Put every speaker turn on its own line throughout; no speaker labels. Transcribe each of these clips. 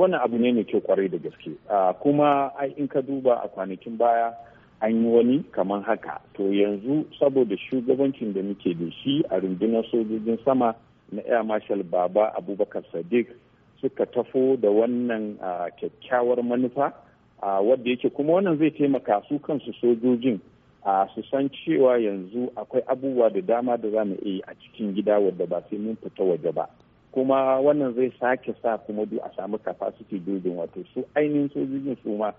wannan abu ne mai kyau kwarai da gaske kuma ai in ka duba a kwanakin baya an yi wani kamar haka to yanzu saboda shugabancin da muke da shi a rundunar sojojin sama na air marshal baba abubakar sadiq suka tafo da wannan kyakkyawar manufa wadda yake kuma wannan zai taimaka su kansu sojojin a su san cewa yanzu akwai abubuwa da dama da za mu iya a cikin gida wadda ba sai mun fita waje ba kuma wannan zai sake sa kuma a samu capacity building wato su ainihin sojojin su ma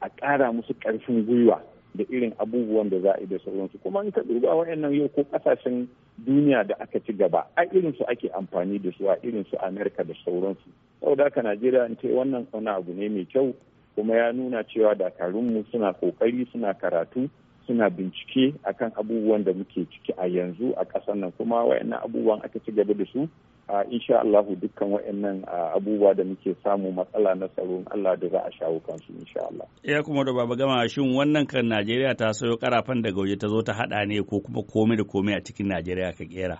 a kara musu ƙarfin gwiwa da irin abubuwan da za a yi da sauransu kuma in ka duba wayannan yau ko kasashen duniya da aka ci gaba a irin su ake amfani da su a irin su amerika da sauransu saboda haka najeriya in ce wannan wani abu ne mai kyau kuma ya nuna cewa dakarunmu suna kokari suna karatu suna bincike akan abubuwan da muke ciki a yanzu a ƙasar nan kuma wayannan abubuwan aka ci gaba da su a insha Allahu dukkan wayannan abubuwa da muke samu matsala na tsaro Allah da za a shawo kansu insha Allah
ya kuma da baba gama shin wannan kan Najeriya ta sayo karafan daga waje ta zo ta haɗa ne ko kuma komai da komai a cikin Najeriya ka kera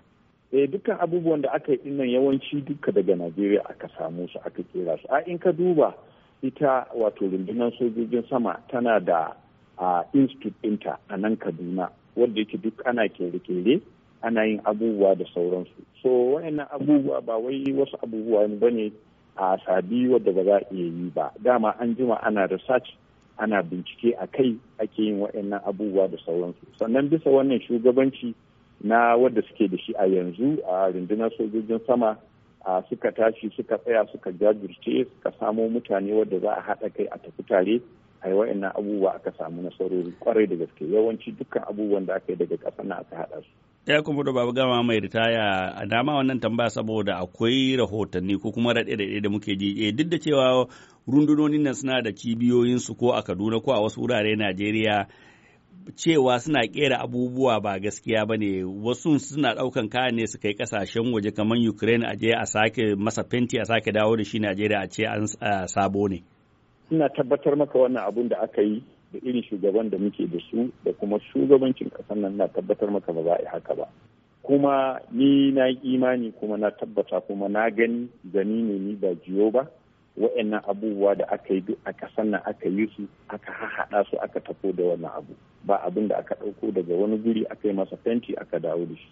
eh dukkan abubuwan da aka yi dinnan yawanci duka daga Najeriya aka samu su aka kera su a in ka duba ita wato rundunar sojojin sama tana da a institute inta a nan kaduna wadda yake duk ana kere-kere ana yin abubuwa da sauransu so wayannan abubuwa ba wai wasu abubuwa ba ne a sabi wadda ba za a iya yi ba dama an jima ana research ana bincike a kai ake yin wayannan abubuwa da sauransu sannan bisa wannan shugabanci na wadda suke da shi a yanzu a rundunar sojojin sama a suka tashi suka tsaya suka jajirce suka samo mutane wadda za a haɗa kai a tafi tare ai wa'annan abubuwa aka samu nasarori kwarai da gaske yawanci dukkan abubuwan da aka yi daga ƙasa na aka haɗa su
ya kuma da babu gama mai ritaya a dama wannan tambaya saboda akwai rahotanni ko kuma raɗe-raɗe da muke ji eh, duk da cewa rundunonin nan suna da cibiyoyin su ko a kaduna ko a wasu wurare najeriya cewa suna kera abubuwa ba gaskiya ba ne wasu suna ɗaukan kayan ne su kai kasashen waje kamar ukraine a je a sake masa fenti a sake dawo da shi najeriya a ce an sabo ne.
ina tabbatar maka wannan abun da aka yi da irin shugaban da muke da su da kuma shugabancin ƙasar nan na tabbatar maka ba za a yi haka ba kuma ni na imani kuma na tabbata kuma na gani gani ne ni ba jiyo ba wa'annan abubuwa da aka yi duk a ƙasar nan aka yi su aka hahaɗa su aka tafo da wannan abu ba abin da aka ɗauko daga wani guri aka yi masa fenti aka dawo da shi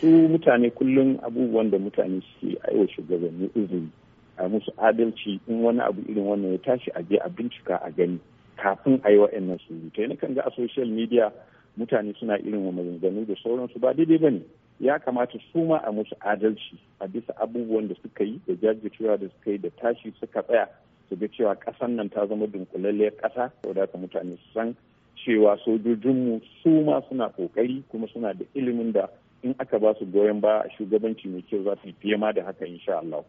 su mutane kullum abubuwan da mutane suke aiwa shugabanni izini a musu adalci in wani abu irin wannan ya tashi a je a bincika a gani kafin a yi wa'annan surutai na kan ga a social media mutane suna irin wa maganganu da sauransu ba daidai ba ne ya kamata su ma a musu adalci a bisa abubuwan da suka yi da jajircewa da suka yi da tashi suka tsaya su ga cewa ƙasan nan ta zama dunkulalliyar ƙasa da haka mutane su san cewa sojojinmu su ma suna ƙoƙari kuma suna da ilimin da in aka ba su goyon ba a shugabanci mai kyau za su fiye ma da haka insha Allah.